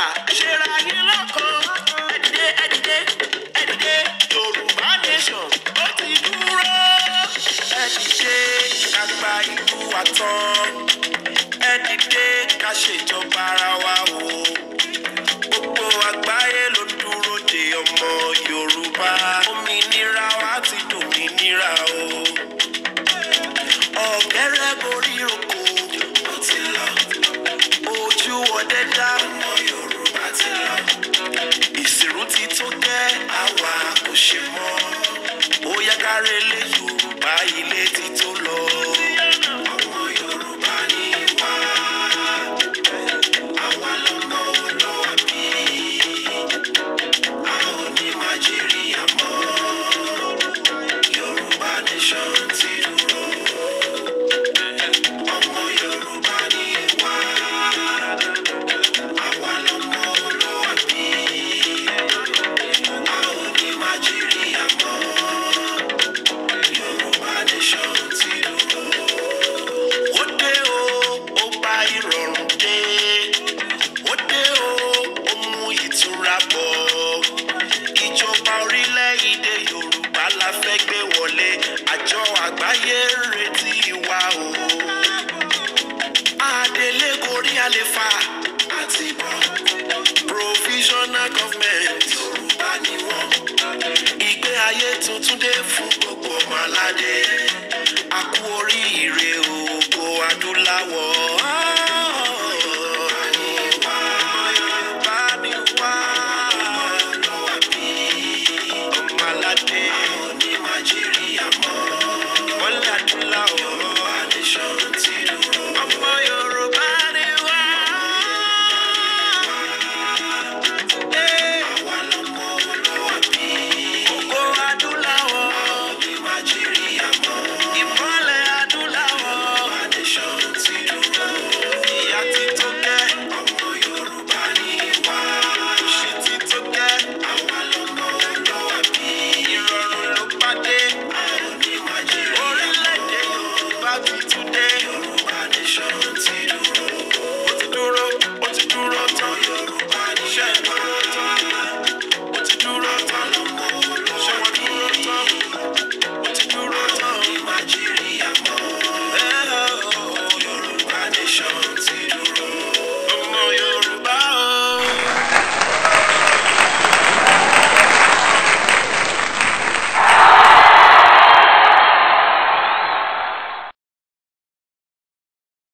yorùbá ṣera yín lọ́kàn ẹ̀dìdé ẹ̀dìdé ẹ̀dìdé nation ó ti dúró ẹ̀dìdé kàgbà ìlú àtàn ẹ̀dìdé ká ṣèjọba ara wa o gbogbo àgbáyé ló dúró de ọmọ yorùbá òmìnira wa ti dòmìnira o ọ̀gẹ́rẹ́ borí oko ó ti lọ ojú ọdẹ dáhùn ti tó gẹ́ àwa kò ṣe mọ́ ó yá kárẹ́lẹ̀ Yorùbá ilé ti lè fà provisional government Yorùbá ni wọ́n. ìgbé ayé tuntun dé fún gbogbo ọmọ aládé.